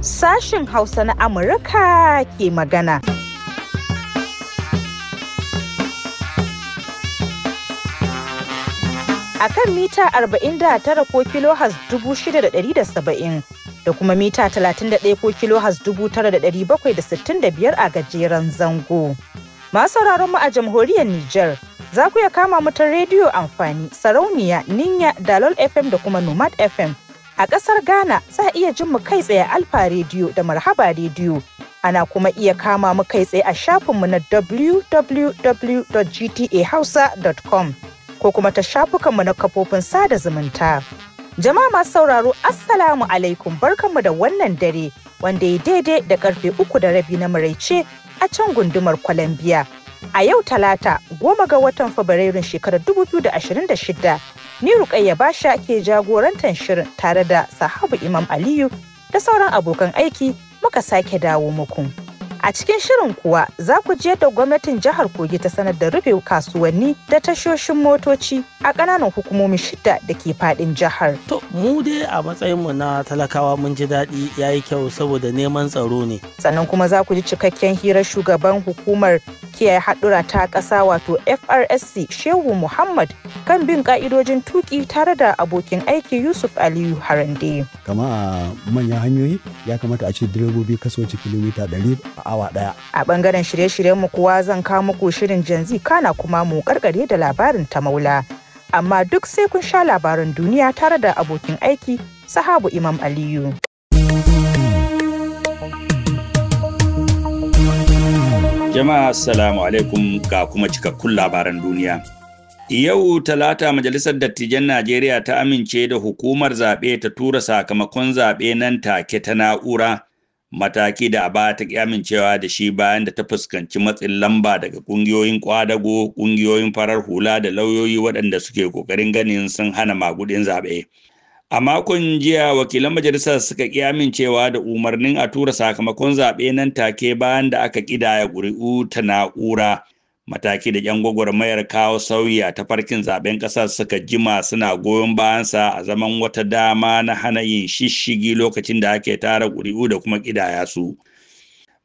Sashen Hausa na Amurka ke magana. A kan mita 49 ko kilo dubu shida da kuma mita 31 ko kilo da biyar a gajeren zango. Masu sauraron mu a jamhuriyar Nijar. Za ku iya kama mu ta rediyo amfani, sarauniya, ninya, dalol FM da kuma nomad FM. A ƙasar Ghana za a iya jin mu kai tsaye Alfa rediyo da Marhaba rediyo. Ana kuma iya kama mu kai tsaye a shafinmu na www.gtahausa.com ko kuma ta shafukanmu na kafofin sada zumunta. Jama'a masu sauraro Assalamu alaikum barkanmu da wannan dare wanda ya daidai da karfe uku da rabi na maraice a can gundumar kwalambiya. a yau talata goma ga watan fabrairun shekarar 2026 ni rukayya basha ke jagorantar shirin tare da sahabu imam aliyu da sauran abokan aiki muka sake dawo muku. A cikin shirin kuwa za ku je da gwamnatin jihar Kogi ta sanar da rufe kasuwanni da tashoshin motoci a ƙananan hukumomi shida da ke faɗin jihar. To mu dai a matsayin mu na talakawa mun ji daɗi ya yi kyau saboda neman tsaro ne. Sannan kuma za ku ji cikakken hirar shugaban hukumar kiyaye haɗura ta ƙasa wato FRSC Shehu Muhammad kan bin ƙa'idojin tuƙi tare da abokin aiki Yusuf Aliyu Harande. Kama manyan hanyoyi ya kamata a ce direbobi kasoci kilomita 100 a awa daya. A bangaren shirye-shiryen mu kuwa zan kawo muku shirin janzi kana kuma mu karkare da labarin ta maula. Amma duk sai kun sha labarin duniya tare da abokin aiki sahabu Imam Aliyu. Jama'a Assalamu alaikum ga kuma cikakkun labaran duniya. Yau Talata Majalisar Dattijan Najeriya ta amince da hukumar zaɓe ta tura sakamakon zaɓe nan take ta na'ura mataki da ba ta ƙi amincewa da shi bayan da ta fuskanci matsin lamba daga ƙungiyoyin ƙwadago, ƙungiyoyin farar hula da lauyoyi waɗanda suke ƙoƙarin ganin sun hana maguɗin zaɓe a makon jiya wakilan majalisar suka ƙi amincewa da umarnin a tura sakamakon zaɓe nan take bayan da aka ƙidaya ƙuri'u ta na'ura mataki da 'yan gwagwarmayar kawo sauyi a tafarkin zaben kasar suka jima suna goyon bayansa a zaman wata dama na hana yin shishigi lokacin da ake tara ƙuri'u da kuma ƙidaya su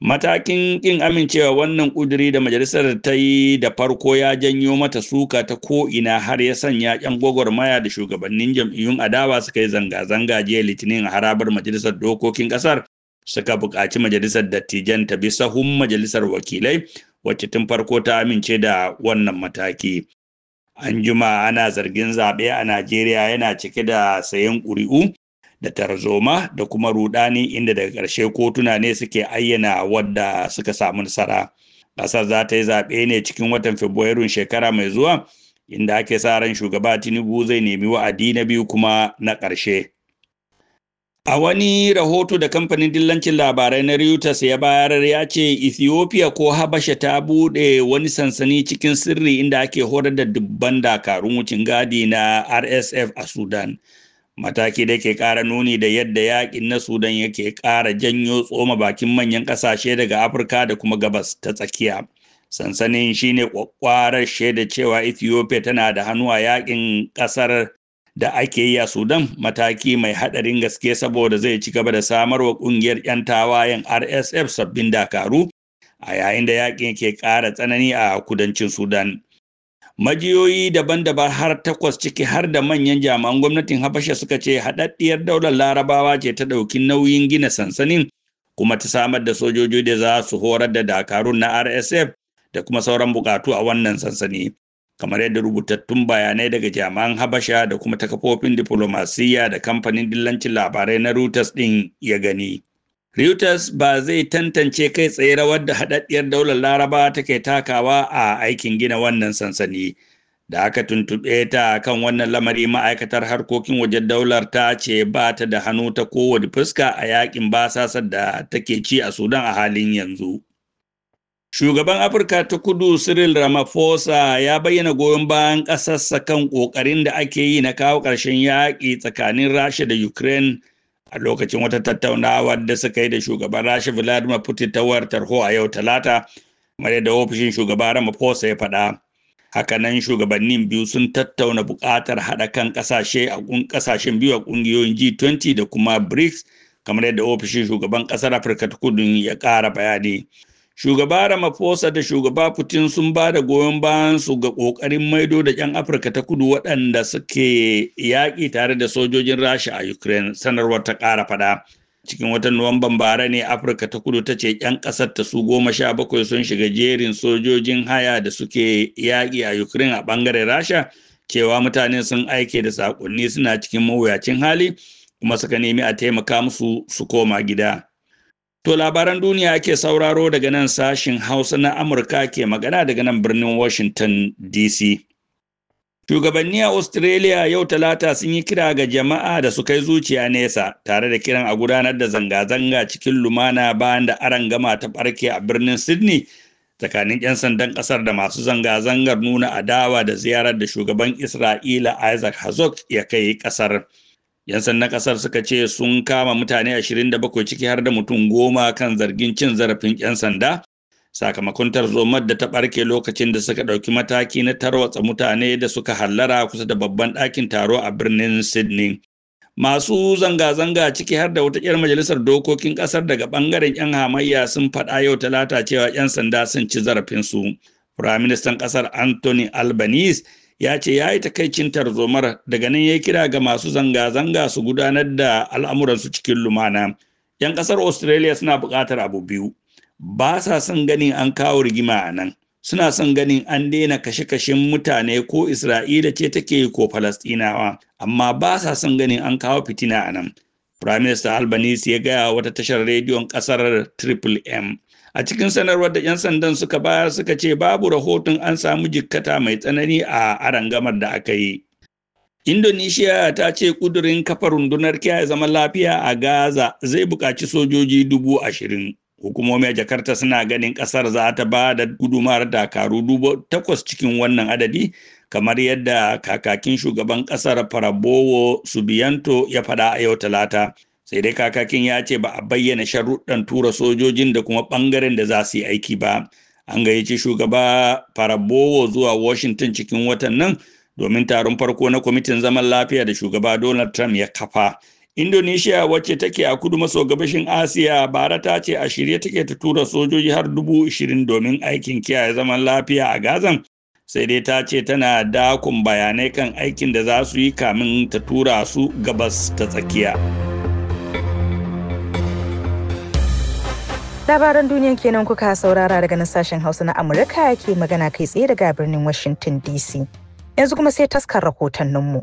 matakin kin amincewa wannan ƙuduri da majalisar ta yi da farko ya janyo mata suka ta ko'ina har ya sanya 'yan gwagwarmaya da shugabannin jam'iyyun adawa suka yi zanga-zanga jiya litinin a harabar majalisar dokokin ƙasar suka buƙaci majalisar dattijan ta bi sahun majalisar wakilai wacce tun farko ta amince da wannan mataki. An juma ana zargin zaɓe a Najeriya yana cike da sayan ƙuri'u da tarzoma da kuma rudani inda daga ƙarshe kotuna ne suke ayyana wadda suka samu nasara. Ƙasar za ta yi zaɓe ne cikin watan Fabrairun shekara mai zuwa inda ake sa ran shugaba Tinubu zai nemi wa'adi na biyu kuma na ƙarshe. A wani rahoto da kamfanin dillancin labarai na Reuters ya bayar ya ce Ethiopia ko Habasha ta buɗe wani sansani cikin sirri inda ake horar da dubban dakarun wucin gadi na RSF a Sudan. Mataki da ke ƙara nuni da yadda yaƙin na Sudan yake ƙara janyo tsoma bakin manyan ƙasashe daga Afirka da kuma gabas ta tsakiya. Sansanin shine kwakwarar shaida cewa Ethiopia tana da hannu a yaƙin ƙasar da ake yi a Sudan mataki mai haɗarin gaske saboda zai ci gaba da samarwa ƙungiyar 'yan tawayen RSF sabbin dakaru a yayin da yakin ke ƙara tsanani a kudancin Sudan. Majiyoyi daban-daban har takwas ciki har da manyan jami'an gwamnatin Habasha suka ce haɗaɗɗiyar daular Larabawa ce ta ɗauki nauyin gina sansanin kuma ta samar da sojoji da za su horar da dakarun na RSF da kuma sauran buƙatu a wannan sansani. kamar yadda rubutattun bayanai daga jami'an habasha da kuma ta kafofin diflomasiyya da kamfanin dillancin labarai na reuters din ya gani reuters ba zai tantance kai tsaye rawar da haɗaɗɗiyar daular laraba take takawa a aikin gina wannan sansani da aka tuntuɓe ta kan wannan lamari ma'aikatar harkokin wajen daular ta ce ba ta da hannu ta kowane fuska a yakin basasar da take ci a sudan a halin yanzu Shugaban Afirka ta kudu Cyril Ramaphosa ya bayyana goyon bayan ƙasarsa kan ƙoƙarin da ake yi na kawo ƙarshen yaƙi tsakanin Rasha da Ukraine a lokacin wata tattaunawa da suka yi da shugaban Rasha Vladimir Putin ta wayar tarho a yau Talata, kamar yadda ofishin Shugaban Ramaphosa ya faɗa. Hakanan shugabannin biyu sun tattauna buƙatar haɗa kan ƙasashe a ƙasashen biyu a ƙungiyoyin G20 da kuma BRICS kamar yadda ofishin shugaban ƙasar Afirka ta kudu ya ƙara bayani. shugaba ramaphosa da shugaba putin sun ba da goyon bayan su ga ƙoƙarin maido da 'yan afirka ta kudu waɗanda suke yaƙi tare da sojojin rasha a ukraine sanarwar ta ƙara faɗa cikin watan nuwamban bara ne afirka ta kudu ta ce 'yan ƙasar ta su goma sha bakwai sun shiga jerin sojojin haya da suke yaƙi a ukraine a ɓangaren rasha cewa mutane sun aike da saƙonni suna cikin mawuyacin hali kuma suka nemi a taimaka musu su koma gida To labaran duniya ake sauraro daga nan sashin Hausa na Amurka ke magana daga nan birnin Washington DC. Shugabanni a Australia yau talata sun yi kira ga jama'a da su kai zuciya nesa tare da kiran a gudanar da zanga-zanga cikin lumana bayan da aron gama ta ɓarke a birnin Sydney tsakanin 'yan sandan ƙasar da masu zanga-zangar nuna adawa da ziyarar da shugaban Isra'ila Isaac Herzog ya kai ƙasar. 'Yan sandan ƙasar suka ce sun kama mutane 27 ciki har da mutum goma kan zargin cin zarafin 'yan sanda sakamakon tarzomar da ta ɓarke lokacin da suka ɗauki mataki na tarwatsa mutane da suka hallara kusa da babban ɗakin taro a birnin Sydney. Masu zanga-zanga ciki har da wata 'yar majalisar dokokin ƙasar daga ɓangaren 'yan hamayya sun faɗa yau talata cewa 'yan sanda sun ci zarafinsu. Firaministan ƙasar Anthony Albanese ya ce ya yi takaicin tarzomar daga nan ya kira ga masu zanga-zanga su gudanar da al'amuransu cikin lumana. 'Yan ƙasar Australia suna buƙatar abu biyu, ba sa son ganin an kawo rigima a nan, suna son ganin an daina kashe-kashen mutane ko Isra'ila ce take yi ko Falastinawa, amma ba sa son ganin an kawo fitina a nan. Firaminista Albanese ya gaya wata tashar rediyon ƙasar Triple M. a cikin sanarwar da 'yan sandan suka bayar suka ce babu rahoton an samu jikkata mai tsanani a arangamar da aka yi Indonesia ta ce kudurin kafa rundunar kiyaye zaman lafiya a Gaza zai buƙaci sojoji dubu ashirin. Hukumomin Jakarta suna ganin ƙasar za ta ba da gudumar dakaru dubu takwas cikin wannan adadi, kamar yadda kakakin shugaban ƙasar Prabowo subianto ya faɗa a yau Talata. sai dai kakakin ya ce ba a bayyana sharuɗan tura sojojin da kuma bangaren da za su yi aiki ba an gayyaci shugaba farabowo zuwa washington cikin watan nan domin taron farko na kwamitin zaman lafiya da shugaba donald trump ya kafa indonesia wacce take a kudu maso gabashin asiya bara ta ce a shirye take ta tura sojoji har dubu ishirin domin aikin kiyaye zaman lafiya a gazan sai dai ta ce tana dakon bayanai kan aikin da za su yi kamin ta tura su gabas ta tsakiya. labaran duniyan kenan kuka saurara daga nan sashen hausa na amurka ke magana kai tsaye daga birnin washington dc yanzu kuma sai taskar rahotanninmu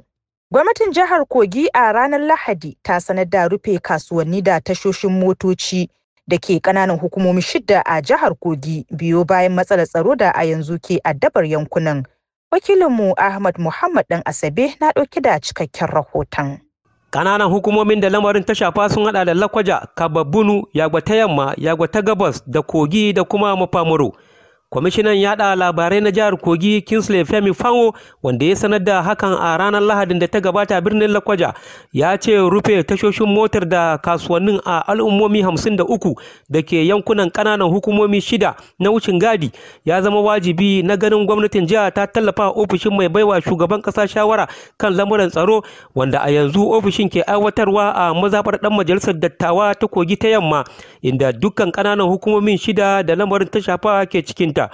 gwamnatin jihar kogi a ranar lahadi ta sanar da rufe kasuwanni da tashoshin motoci da ke kananan hukumomi shidda a jihar kogi biyo bayan matsalar tsaro da a yanzu ke addabar yankunan wakilinmu ahmad muhammad dan asabe na ɗauki da cikakken rahoton Ƙananan hukumomin da lamarin ta shafa sun haɗa da Lakwaja, Kababunu, Yagwa ta Yamma, Yagwa ta Gabas da Kogi da kuma Mafamuro. kwamishinan yada labarai na jihar kogi Kingsley femi Fawo, wanda ya sanar da hakan a ranar lahadin da ta gabata birnin lakwaja ya ce rufe tashoshin motar da kasuwannin a al'ummomi hamsin da uku da ke yankunan kananan hukumomi shida na wucin gadi ya zama wajibi na ganin gwamnatin jiha ta tallafa ofishin mai baiwa shugaban kasa shawara kan lamuran tsaro wanda a yanzu ofishin ke aiwatarwa a mazaɓar ɗan majalisar dattawa ta kogi ta yamma inda dukkan kananan hukumomin shida da lamarin ta shafa ke cikin fahimta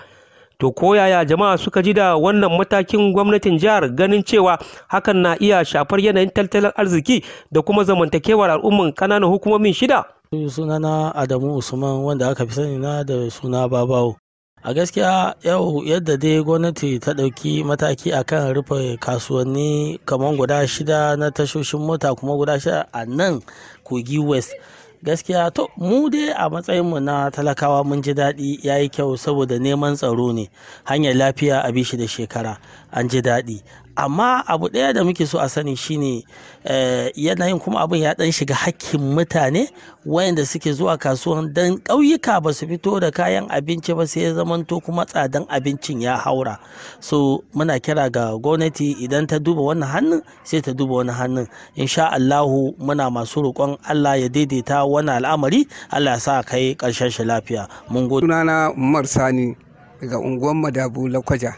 to yaya jama'a suka ji da wannan matakin gwamnatin jihar ganin cewa hakan na iya shafar yanayin tattalin arziki da kuma zamantakewar al'umman kananan hukumomin shida suna na adamu usman wanda aka fi sani na da suna babawo a gaskiya yau yadda dai gwamnati ta ɗauki mataki a kan rufe kasuwanni kamar guda shida na tashoshin mota kuma guda shida a nan kogi west gaskiya to mu dai a matsayinmu na talakawa mun ji daɗi ya yi kyau saboda neman tsaro ne hanyar lafiya a bishi da shekara an ji daɗi amma abu ɗaya da muke so a sani shine eh, yanayin kuma abin ya ɗan shiga hakkin mutane wayanda suke zuwa kasuwan don ƙauyuka ba su fito da kayan abinci ba sai ya zamanto kuma tsadan abincin ya haura so muna kira ga gwamnati idan ta duba wannan hannun sai ta duba wani hannun insha Allahu muna masu roƙon Allah ya daidaita wannan al'amari Allah ya sa kai ƙarshen shi lafiya mun gode sunana Umar Sani daga unguwar Madabu Lakwaja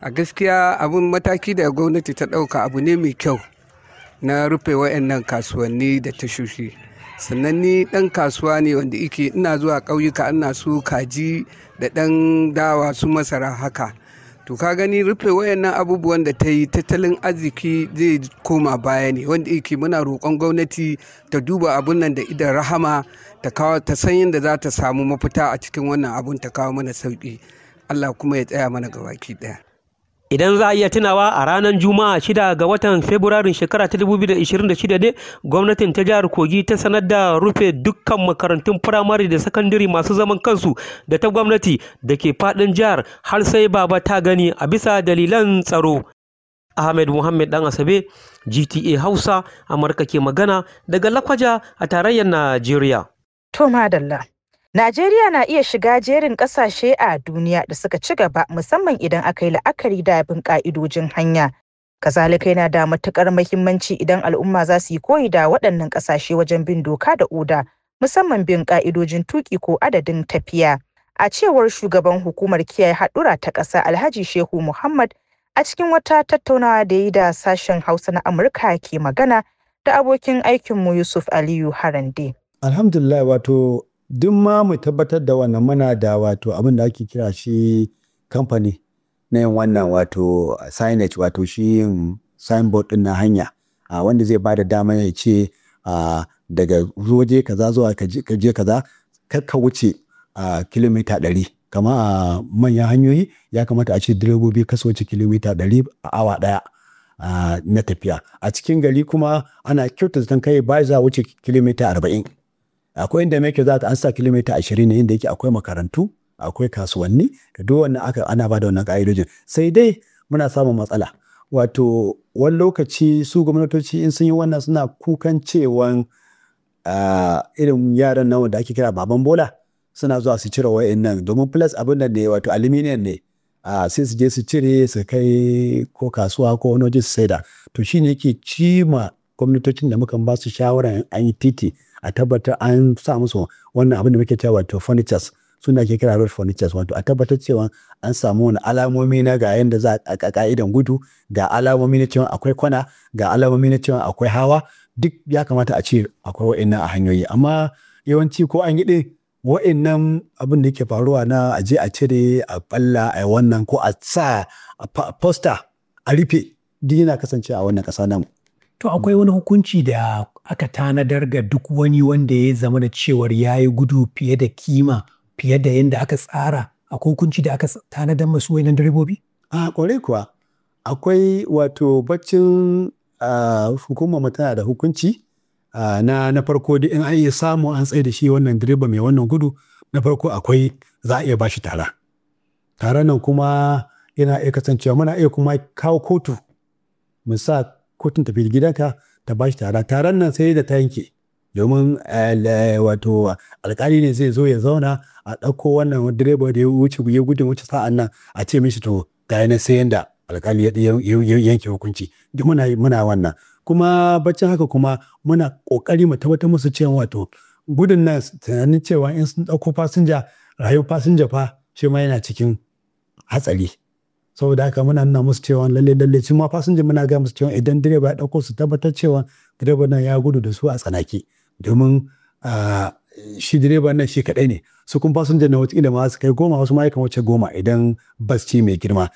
a gaskiya abin mataki da gwamnati ta ɗauka abu ne mai kyau na rufe wayannan kasuwanni da tashoshi sannan ni ɗan kasuwa ne wanda ike ina zuwa ƙauyuka ina su kaji da ɗan dawa su masara haka to ka gani rufe wayannan abubuwan da ta yi tattalin arziki zai koma baya ne wanda yake muna roƙon gwamnati ta duba abun nan da idan rahama ta kawo ta san yadda za ta samu mafita a cikin wannan abun ta kawo mana sauki allah kuma ya tsaya mana gabaki ɗaya idan za a iya tunawa a ranar juma'a shida ga watan fabrairun shekara ta 2026 ne gwamnatin ta jihar kogi ta sanar da rufe dukkan makarantun firamare da sakandare masu zaman kansu da ta gwamnati da ke faɗin jihar har sai baba ta gani a bisa dalilan tsaro ahmed muhammad dan asabe gta hausa amurka ke magana daga lakwaja a tarayyar najeriya Toma Dalla. Najeriya na iya shiga jerin ƙasashe a duniya da suka ci gaba musamman idan aka yi la'akari da bin ƙa'idojin hanya. Kazalika yana da matuƙar muhimmanci idan al'umma za su yi koyi da waɗannan ƙasashe wajen bin doka da oda, musamman bin ƙa'idojin tuƙi ko adadin tafiya. A cewar shugaban hukumar kiyaye haɗura ta ƙasa Alhaji Shehu Muhammad a cikin wata tattaunawa da yi da sashen Hausa na Amurka ke magana da abokin aikinmu Yusuf Aliyu Harande. Alhamdulillah wato duk ma mu tabbatar da wannan muna da wato abin da ake kira shi kamfani na yin wannan wato signage wato shi yin signboard din na hanya a wanda zai ba da dama ya ce a daga waje kaza zuwa kaje kaza ka wuce a kilomita ɗari kama a manyan hanyoyi ya kamata a ce direbobi ka wuce kilomita ɗari a awa ɗaya na tafiya a cikin gari kuma ana kyautata kai ba za wuce kilomita arba'in akwai inda mai za ta an kilomita ashirin ne inda yake akwai makarantu akwai kasuwanni da duk wannan aka ana ba da wannan ka'idojin sai dai muna samun matsala wato wani lokaci su gwamnatoci in sun yi wannan suna kukan cewan irin yaran nawa da ake kira baban bola suna zuwa su cire wa'in nan domin plus abin da ne wato aluminium ne a sai su je su cire su kai ko kasuwa ko wani waje su saida to shine yake cima gwamnatocin da muka ba su shawarar an yi titi a tabbatar an sa musu wannan abin da muke cewa wato furnitures suna ke kira road furnitures wato a tabbatar cewa an samu wani alamomi na ga yanda za a ka'idan gudu ga alamomi na cewa akwai kwana ga alamomi na cewa akwai hawa duk ya kamata a ce akwai wa'annan a hanyoyi amma yawanci ko an yi din wa'annan abin da yake faruwa na a je a cire a balla a wannan ko a sa a posta a rufe duk yana kasancewa a wannan ƙasa namu To akwai wani hukunci da aka tanadar ga duk wani wanda ya zama da cewar ya yi gudu fiye da kima fiye da yadda aka tsara akwai hukunci da aka tanadar masu wainan direbobi? A kwarai kuwa akwai wato baccin hukumar da hukunci na na farko da in an iya samu an tsaye da shi wannan direba mai wannan gudu na farko akwai za a iya shi tara. tare nan kuma yana iya kasancewa muna iya kuma kawo kotu mu sa kotun tafi gidanka ta ba shi tara taron nan sai da ta yanke domin eh, wato alkali ne zai zo ya zauna a ɗauko wannan direba da ya wuce ya gudu wuce sa'an nan a ce mishi to ga yana sai yanda alkali ya yanke hukunci muna muna wannan kuma baccin haka kuma muna ƙoƙari mu tabbatar musu cewa wato gudun nan tunanin cewa in sun ɗauko fasinja rayuwar fasinja fa shi ma yana cikin hatsari saboda haka muna nuna musu cewa lalle lalle su ma fasinjin muna ga musu cewa idan direba ya dauko su tabbatar cewa direba nan ya gudu da su a tsanaki domin shi direba nan shi kadai ne su kuma fasinjin na wata ma su kai goma wasu ya wace goma idan bas ce mai girma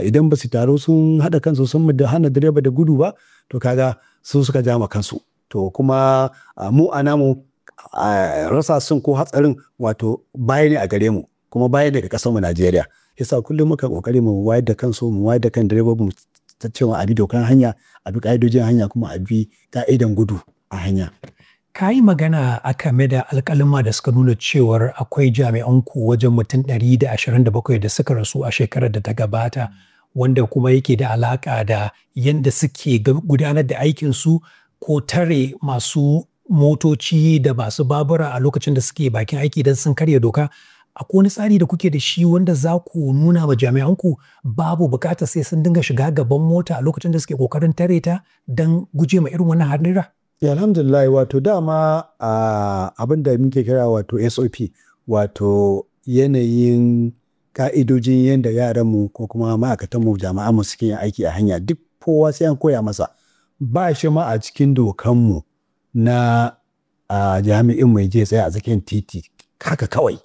idan ba su taro sun haɗa kansu sun da hana direba da gudu ba to kaga su suka jama kansu to kuma mu a namu rasa sun ko hatsarin wato baya ne a gare mu kuma baya daga ƙasar mu Najeriya yasa kullum muka kokari mu wayar da kansu mu wayar da kan direbobi mu ta cewa abi dokan hanya a bi ka'idojin hanya kuma abi bi ka'idan gudu a hanya ka yi magana a kame da alkalima da suka nuna cewar akwai jami'an ku wajen mutum ɗari da ashirin da da bakwai suka rasu a shekarar da ta gabata wanda kuma yake da alaƙa da yadda suke gudanar da aikinsu ko tare masu motoci da masu babura a lokacin da suke bakin aiki don sun karya doka akwai wani tsari da kuke da shi wanda za ku nuna wa jami'anku babu bukatar sai sun dinga shiga gaban mota a lokacin da suke kokarin tare ta don guje ma irin wannan hadira? Ya alhamdulillah wato dama abin da muke kira wato SOP wato yanayin ka'idojin yadda yaranmu ko kuma ma'aikatanmu mu suke yin aiki a hanya duk kowa sai an koya masa ba shi ma a cikin dokan mu na jami'in mai je tsaye a tsakiyar titi haka kawai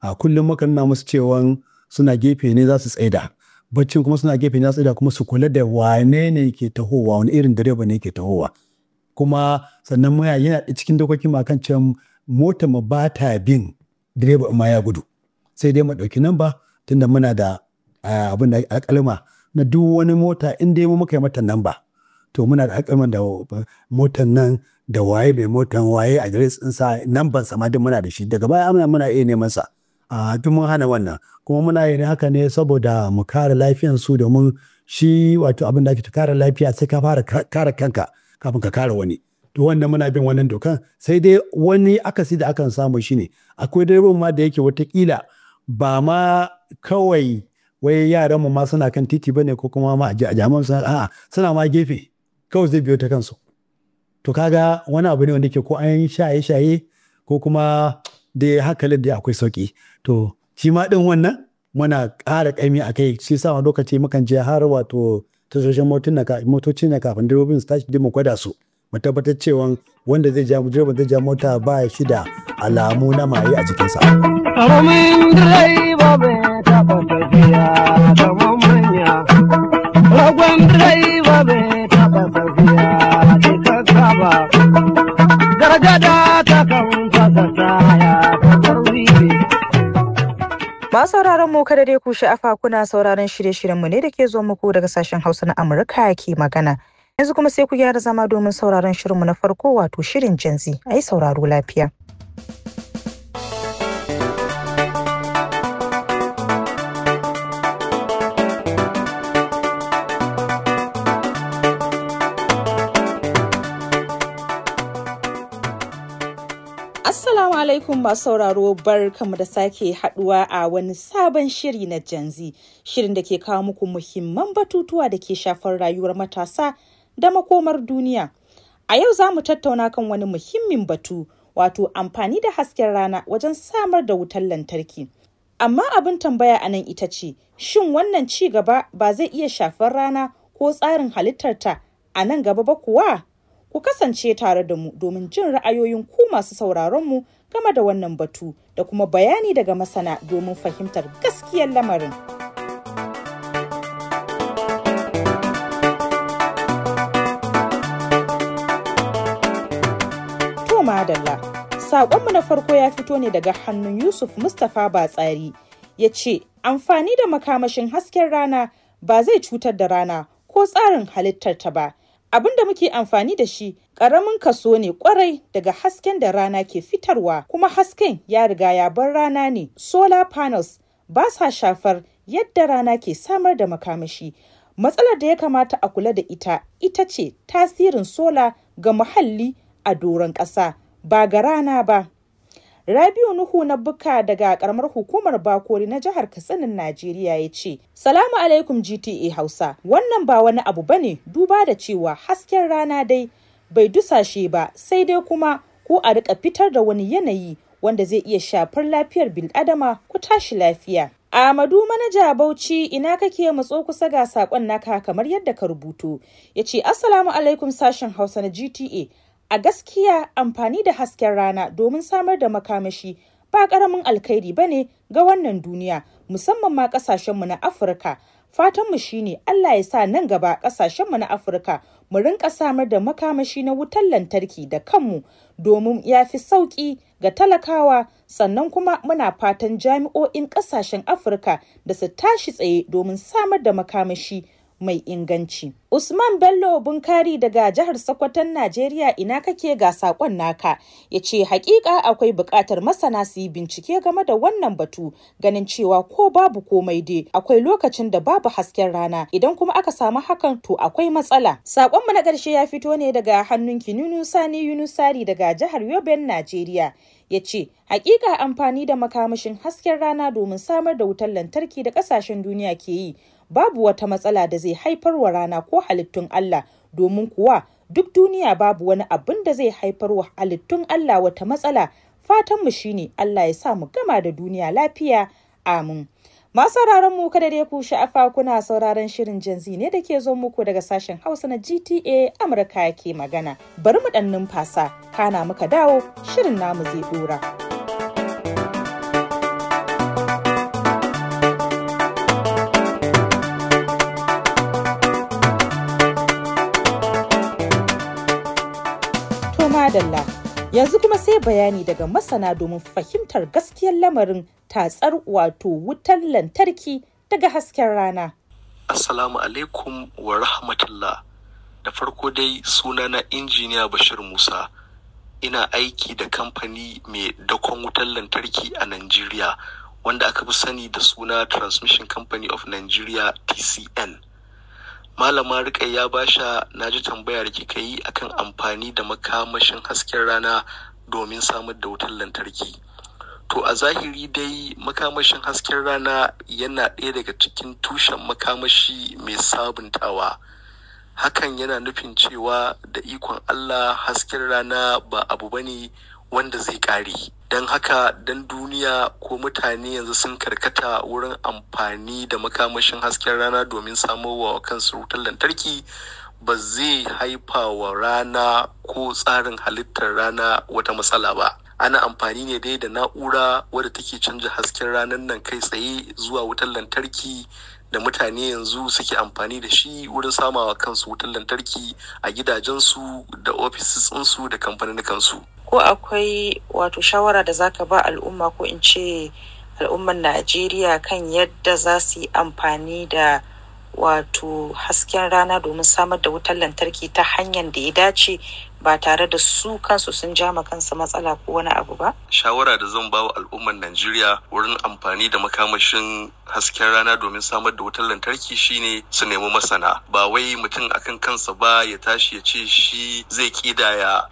a kullum muka nuna musu cewa suna gefe ne za su tsaida baccin kuma suna gefe ne za su tsaida kuma su kula da wane ne ke tahowa wani irin direba ne ke tahowa kuma sannan muna yana cikin dokokin ma kan cewa mota mu ba ta bin direba ma ya gudu sai dai mu dauki nan ba tunda muna da abin da alƙalma na duk wani mota in dai mu muka yi mata nan ba to muna da alƙalman da motan nan da waye mai motan waye a ɗinsa nan ban sama duk muna da shi daga baya muna iya neman sa a duk mun hana wannan kuma muna yin haka ne saboda mu kare lafiyar su domin shi wato abin da ake ta kare lafiya sai ka fara kare kanka kafin ka kare wani to wannan muna bin wannan dokan sai dai wani akasi da akan samu shine akwai dai ma da yake watakila ba ma kawai wai yaran mu ma suna kan titi bane ko kuma ma a jami'an suna a'a suna ma gefe kawai zai biyo ta kansu to kaga wani abu ne wanda ke ko an shaye shaye ko kuma dai hankalin da akwai sauki to shi ma din wannan muna ƙara ƙaimi a kai shi sa lokaci mukan je har wato tashoshin motoci na kafin direbobin su tashi dai mu gwada su mu tabbatar cewa wanda zai ja direban zai ja mota ba shi da alamu na maye a jikinsa. Karamin direba bai taɓa tafiya manya, ragon direba bai taɓa Masu sauraron mu kada dai ku sha'afa kuna sauraron shirye-shiryenmu ne da ke zo muku daga sashen Hausa na Amurka ke magana. Yanzu kuma sai ku gyara zama domin sauraron shirinmu na farko wato shirin Gen Z. Ai sauraro lafiya. Assalamu alaikum masu sauraro bar kamu da sake haduwa a wani sabon shiri na janzi shirin da ke kawo muku muhimman batutuwa da ke shafar rayuwar matasa da makomar duniya. A yau za mu tattauna kan wani muhimmin batu wato amfani da hasken rana wajen samar da wutar lantarki. Amma abin tambaya a nan ita ce, shin wannan ci gaba ba zai iya shafar rana ko tsarin halittarta a nan gaba ba kuwa? Ku kasance tare da mu domin jin ra'ayoyin ku masu sauraron mu game da wannan batu da kuma bayani daga masana domin fahimtar gaskiyar lamarin. To madalla, saƙonmu na farko ya fito ne daga hannun Yusuf Mustapha Batsari ya ce, amfani da makamashin hasken rana ba zai cutar da rana ko tsarin halittarta ba. Abin da muke amfani da shi ƙaramin kaso ne kwarai daga hasken da rana ke fitarwa kuma hasken ya riga ya bar rana ne. Solar panels ba sa shafar yadda rana ke samar da makamashi. Matsalar da ya kamata a kula da ita ita ce tasirin sola ga muhalli a doron ƙasa ba ga rana ba. Rabiu Nuhu na Bukka daga karamar hukumar Bakori na jihar Katsinin Najeriya ya ce, Salamu alaikum GTA Hausa, wannan ba wani abu ba ne, duba da cewa hasken rana dai bai dusashe ba sai dai kuma ko a rika fitar da wani yanayi wanda zai iya shafar lafiyar bil'adama ku tashi lafiya. Amadu manaja Bauchi ina kake matso kusa ga sakon naka kamar yadda ka rubuto. Ya ce Assalamu alaikum sashen Hausa na GTA. A gaskiya amfani da hasken rana domin samar da makamashi ba ƙaramin alkhairi ba ne ga wannan duniya musamman ma ƙasashenmu na Afirka. Fatanmu shine Allah ya sa nan gaba ƙasashenmu na Afirka mu rinƙa samar da makamashi na wutar lantarki da kanmu domin ya fi sauƙi ga talakawa sannan kuma muna fatan jami'o'in ƙasashen Afirka da su tashi tsaye domin samar da makamashi mai inganci. Usman Bello Bunkari daga jihar Sokoton Najeriya ina kake ga sakon naka ya ce hakika akwai buƙatar masana su yi bincike game da wannan batu ganin cewa ko babu komai dai akwai lokacin da babu hasken rana idan kuma aka samu hakan to akwai matsala. mu na ƙarshe ya fito ne daga hannun Kinunu Sani Yunusari daga jihar Yoben Najeriya. ya ce hakika amfani da makamashin hasken rana domin samar da wutar lantarki da ƙasashen duniya ke yi babu wata matsala da zai haifar wa rana ko halittun Allah domin kuwa duk duniya babu wani abin da zai haifar wa halittun Allah wata matsala fatanmu shine Allah ya sa mu gama da duniya lafiya amin. Masu mu kada dai ku sha'afa kuna sauraron shirin janzi ne da ke zo muku daga sashen Hausa na GTA Amurka ke magana. Bari mu ɗan numfasa, kana muka dawo shirin namu zai ɗora. madalla yanzu kuma sai bayani daga masana domin fahimtar gaskiyar lamarin tatsar wato wutar lantarki daga hasken rana. Assalamu alaikum wa rahmatullah da farko dai suna na injiniya Bashir Musa ina aiki da kamfani mai dakon wutar lantarki a Najeriya wanda aka fi sani da suna Transmission Company of Nigeria TCN. malama ba Basha na ji tambaya da kika yi akan amfani da makamashin hasken rana domin samar da wutar lantarki. To a zahiri dai makamashin hasken rana yana ɗaya daga cikin tushen makamashi mai sabuntawa. Hakan yana nufin cewa da ikon Allah hasken rana ba abu bane wanda zai ƙare don haka don duniya ko mutane yanzu sun karkata wurin amfani da makamashin hasken rana domin samowa kansu wutar lantarki ba zai haifa wa rana ko tsarin halittar rana wata matsala ba ana amfani ne dai da na'ura wadda take canja hasken ranar nan kai tsaye zuwa wutar lantarki da mutane yanzu suke amfani da shi wurin samawa kansu wutar lantarki a gidajensu da ofisinsu da kamfanin kansu. Ko akwai wato shawara da zaka ba al'umma ko in ce al'ummar Najeriya kan yadda za su yi amfani da wato hasken rana domin samar da wutar lantarki ta hanyar da ya dace ba tare da su kansu sun ja ma kansu matsala ko wani abu ba? Shawara da zan ba wa al'ummar Najeriya wurin amfani da makamashin hasken rana domin samar da wutar lantarki shine su nemi masana. Ba wai mutum akan kansa ba ya tashi ya ce shi zai kidaya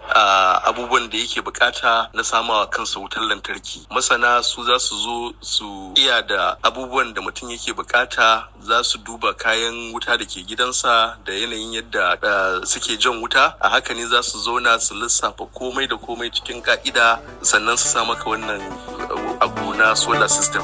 abubuwan da yake bukata na samawa kansa wutar lantarki. Masana su za su zo su iya da abubuwan da mutum yake bukata za su duba kayan wuta da ke gidansa da yanayin yadda suke jan wuta a haka ne za su su zauna su lissafa komai da komai cikin ka'ida sannan su sa maka wannan uh, abu na solar system.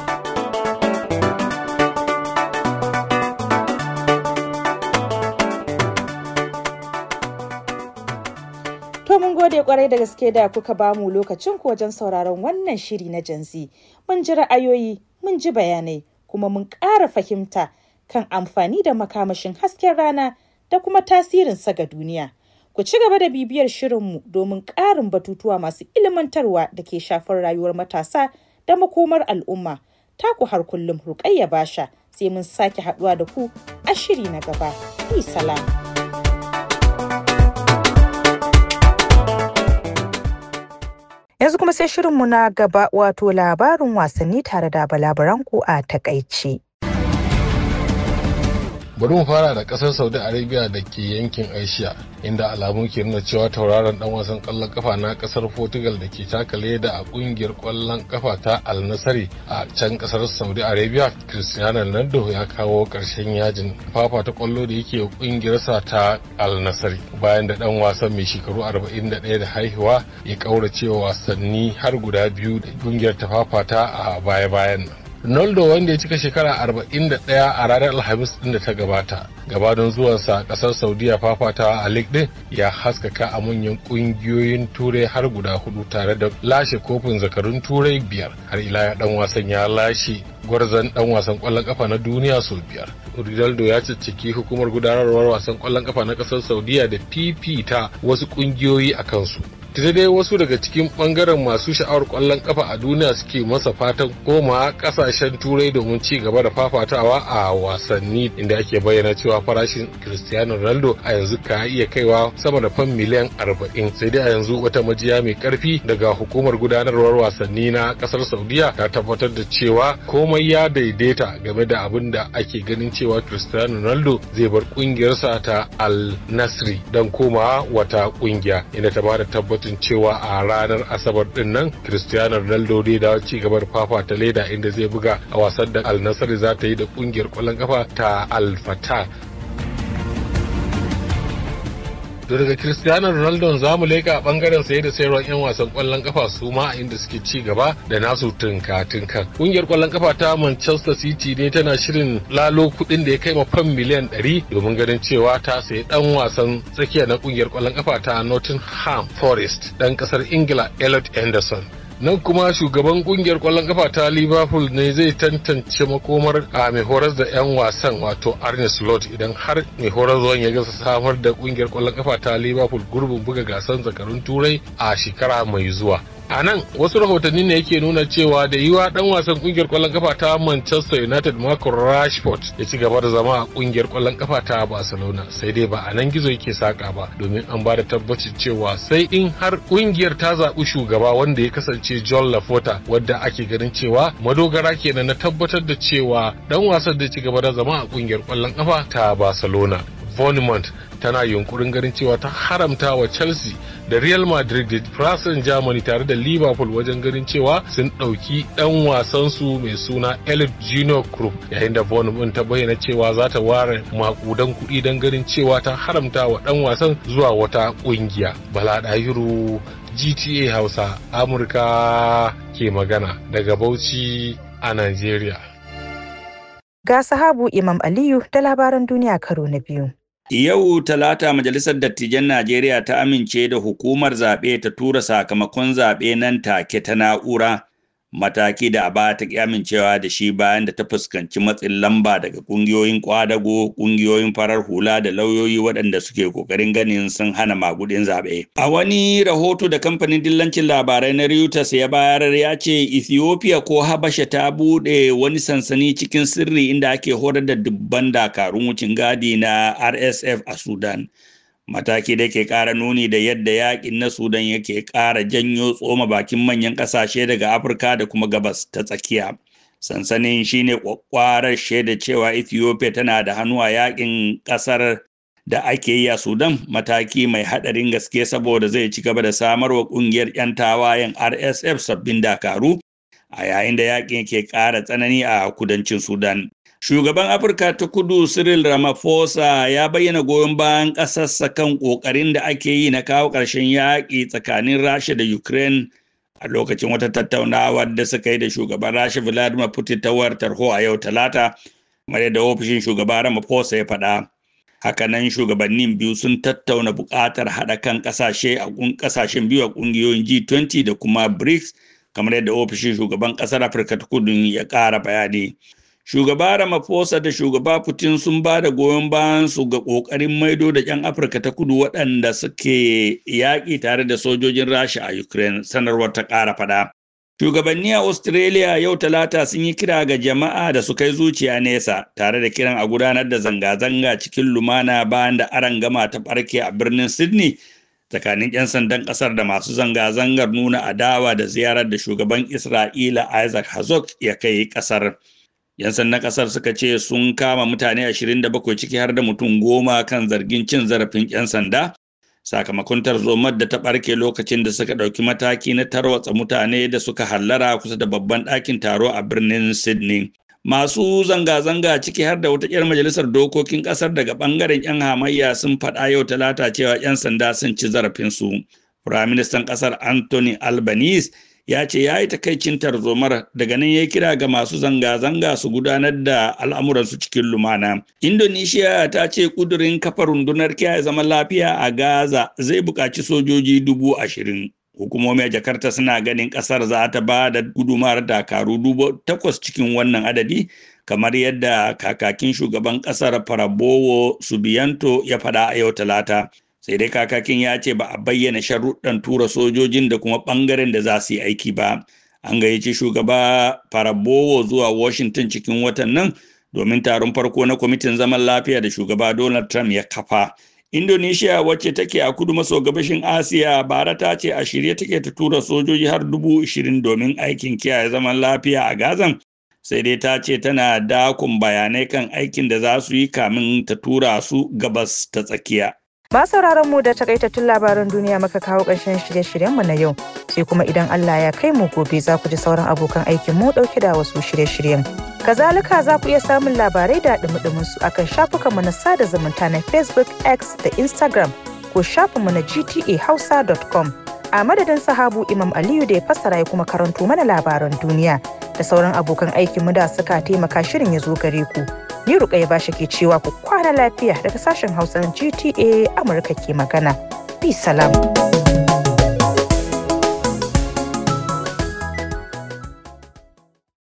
To mun gode kwarai da gaske da kuka bamu lokacin ku wajen sauraron wannan shiri na janzi. Mun ji ra'ayoyi, mun ji bayanai, kuma mun ƙara fahimta kan amfani da makamashin hasken rana da kuma tasirin sa ga duniya. Ku ci gaba da bibiyar shirinmu domin ƙarin batutuwa masu ilmantarwa da ke shafar rayuwar matasa da makomar al'umma. Taku har kullum Rukayya Basha sai mun sake haɗuwa da ku a shiri na gaba. salam. yanzu kuma sai shirinmu na gaba wato labarin wasanni tare da balabaranku a takaice. bari mu fara da kasar saudi arabia da ke yankin asia inda alamu ke nuna cewa tauraron dan wasan kwallon kafa na kasar portugal da ke taka leda a kungiyar kwallon kafa ta al a can kasar saudi arabia cristiano ronaldo ya kawo karshen yajin fafa ta kwallo da yake kungiyarsa ta al bayan da dan wasan mai shekaru 41 da haihuwa ya cewa wasanni har guda biyu da kungiyar ta ta a baya-bayan nan Noldo wanda ya cika shekara 41 a ranar Alhamis din da ta gabata. Gabanin zuwansa kasar Saudiya fafatawa a League din ya haskaka a manyan kungiyoyin Turai har guda hudu tare da lashe kofin zakarun Turai biyar. Har ila ya dan wasan ya lashe gwarzon dan wasan kwallon kafa na duniya sau biyar. Ronaldo ya cicciki hukumar gudanarwar wasan kwallon kafa na kasar Saudiya da fifita wasu kungiyoyi a kansu. tuni dai wasu daga cikin bangaren masu sha'awar kwallon kafa a duniya suke masa fatan koma kasashen turai domin ci gaba da fafatawa a wasanni inda ake bayyana cewa farashin cristiano ronaldo a yanzu ka iya kaiwa sama da fan miliyan arba'in. sai dai a yanzu wata majiya mai karfi daga hukumar gudanarwar wasanni na kasar saudiya ta tabbatar da cewa komai ya daidaita game da abin da ake ganin cewa cristiano ronaldo zai bar kungiyarsa ta al nasri don komawa wata kungiya inda ta ba da tabbatar rahoton cewa a ranar asabar din nan cristiano ronaldo dai da ci gabar fafa ta leda inda zai buga a wasan da al za ta yi da kungiyar kwallon kafa ta al To daga Cristiano Ronaldo za mu leka a bangaren saye da sayarwar 'yan wasan kwallon kafa su ma inda suke ci gaba da nasu tunka tunka Kungiyar kwallon kafa ta Manchester City ne tana shirin lalo kudin da ya kai ma fam miliyan 100 domin ganin cewa ta sayi dan wasan tsakiya na kungiyar kwallon kafa ta Nottingham Forest dan kasar Ingila Elliot Anderson. nan kuma shugaban kungiyar kwallon kafa ta liverpool ne zai tantance makomar a mai horas da 'yan wasan wato arne slot idan har mai horar zuwan ya gasa samar da kungiyar kwallon kafa ta liverpool gurbin buga gasan zakarun turai a shekara mai zuwa a nan wasu rahotanni ne yake nuna cewa da yiwa dan wasan kungiyar kwallon kafa ta Manchester United Marco Rashford ya ci gaba da zama a kungiyar kwallon kafa ta Barcelona sai dai ba a nan gizo yake saka ba domin an ba da tabbacin cewa sai in har kungiyar ta zaɓi shugaba wanda ya kasance John Laporta wadda ake ganin cewa madogara kenan na tabbatar da cewa dan wasan da ci gaba da zama a kungiyar kwallon kafa ta Barcelona. Vonimont tana yunkurin ganin cewa ta haramta wa chelsea da real madrid da france germany tare da liverpool wajen ganin cewa sun ɗauki ɗan wasansu mai suna elif junior group yayin da bournemouth ta bayyana cewa za ta ware makudan kuɗi don ganin cewa ta haramta wa ɗan wasan zuwa wata ƙungiya bala ɗahiru gta hausa amurka ke magana daga bauchi a nigeria ga sahabu imam aliyu da labaran duniya karo na biyu Yau Talata Majalisar Dattijan Najeriya ta amince da hukumar zaɓe ta tura sakamakon zaɓe nan take ta na'ura mataki da a aba ta amincewa da shi bayan da ta fuskanci matsin lamba daga kungiyoyin kwadago kungiyoyin farar hula da lauyoyi waɗanda suke kokarin ganin sun hana magudin zaɓe a wani rahoto da kamfanin dillancin labarai na reuters ya bayar ya ce ethiopia ko habasha ta buɗe wani sansani cikin sirri inda ake horar da dubban dakarun wucin gadi na rsf a sudan mataki da ke ƙara nuni da yadda yaƙin na sudan yake ƙara janyo tsoma bakin manyan ƙasashe daga afirka da kuma gabas ta tsakiya sansanin shine kwakwarar shaida cewa ethiopia tana da hannu a yaƙin ƙasar da ake yi a sudan mataki mai haɗarin gaske saboda zai ci gaba da samarwa ƙungiyar 'yan tawayen rsf sabbin dakaru a yayin da yaƙin yake ƙara tsanani a kudancin sudan Shugaban Afirka ta kudu Cyril Ramaphosa ya bayyana goyon bayan ƙasarsa kan ƙoƙarin da ake yi na kawo ƙarshen yaƙi tsakanin Rasha da Ukraine a lokacin wata tattaunawa da suka yi da shugaban Rasha Vladimir Putin ta wayar tarho a yau Talata, kamar yadda ofishin shugaban Ramaphosa ya faɗa. Haka nan shugabannin biyu sun tattauna buƙatar haɗa kan ƙasashe a ƙasashen biyu a ƙungiyoyin G20 da kuma BRICS, kamar yadda ofishin shugaban ƙasar Afirka ta kudu ya ƙara bayani. shugaba ramaphosa da shugaba putin sun ba da goyon bayan ga ƙoƙarin maido da 'yan afirka ta kudu waɗanda suke yaƙi tare da sojojin rasha a ukraine sanarwar ta ƙara faɗa shugabanni a australia yau talata sun yi kira ga jama'a da su kai zuciya nesa tare da kiran a gudanar da zanga-zanga cikin lumana bayan da gama ta ɓarke a birnin sydney tsakanin 'yan sandan ƙasar da masu zanga-zangar nuna adawa da ziyarar da shugaban isra'ila isaac herzog ya kai ƙasar. 'Yan sandan ƙasar suka ce sun kama mutane 27 ciki har da mutum goma kan zargin cin zarafin 'yan sanda sakamakon tarzomar da ta ɓarke lokacin da suka ɗauki mataki na tarwatsa mutane da suka hallara kusa da babban ɗakin taro a birnin Sydney. Masu zanga-zanga ciki har da wata 'yar majalisar dokokin ƙasar daga ɓangaren 'yan hamayya sun faɗa yau talata cewa 'yan sanda sun ci zarafinsu. Firaministan ƙasar Anthony Albanese ya ce ya yi takaicin tarzomar daga nan ya kira ga masu zanga-zanga su gudanar da al'amuransu cikin lumana. Indonesia ta ce kudurin kafa rundunar kiyaye zaman lafiya a Gaza zai buƙaci sojoji dubu ashirin. Hukumomin Jakarta suna ganin ƙasar za ta ba da gudumar dakaru dubu takwas cikin wannan adadi kamar yadda kakakin shugaban ƙasar Farabowo Subiyanto ya faɗa a yau Talata. sai dai kakakin ya ce ba a bayyana sharuɗan tura sojojin da kuma ɓangaren da za su yi aiki ba an gayyaci shugaba farabowo zuwa washington cikin watan nan domin taron farko na kwamitin zaman lafiya da shugaba donald trump ya kafa indonesia wacce take a kudu maso gabashin asiya bara ta ce a shirye take ta tura sojoji har dubu ishirin domin aikin kiyaye zaman lafiya a gazan sai dai ta ce tana dakon bayanai kan aikin da za su yi kamin ta tura su gabas ta tsakiya Ma sauraron mu da takaitattun labaran duniya maka kawo ƙarshen shirye-shiryenmu na yau. Sai kuma idan Allah ya kai mu gobe za ku ji sauran abokan aikin mu ɗauke da wasu shirye-shiryen. Kazalika za ku iya samun labarai da ɗumi su akan shafukanmu na sada zumunta na Facebook, X da Instagram ko shafinmu na gtahausa.com. A madadin sahabu Imam Aliyu da ya fassara ya kuma karanto mana labaran duniya da sauran abokan aikinmu da suka taimaka shirin ya zo gare ku. Ni ya bashi ke cewa ku kwana lafiya daga sashen Hausa GTA Amurka ke magana. Peace salam.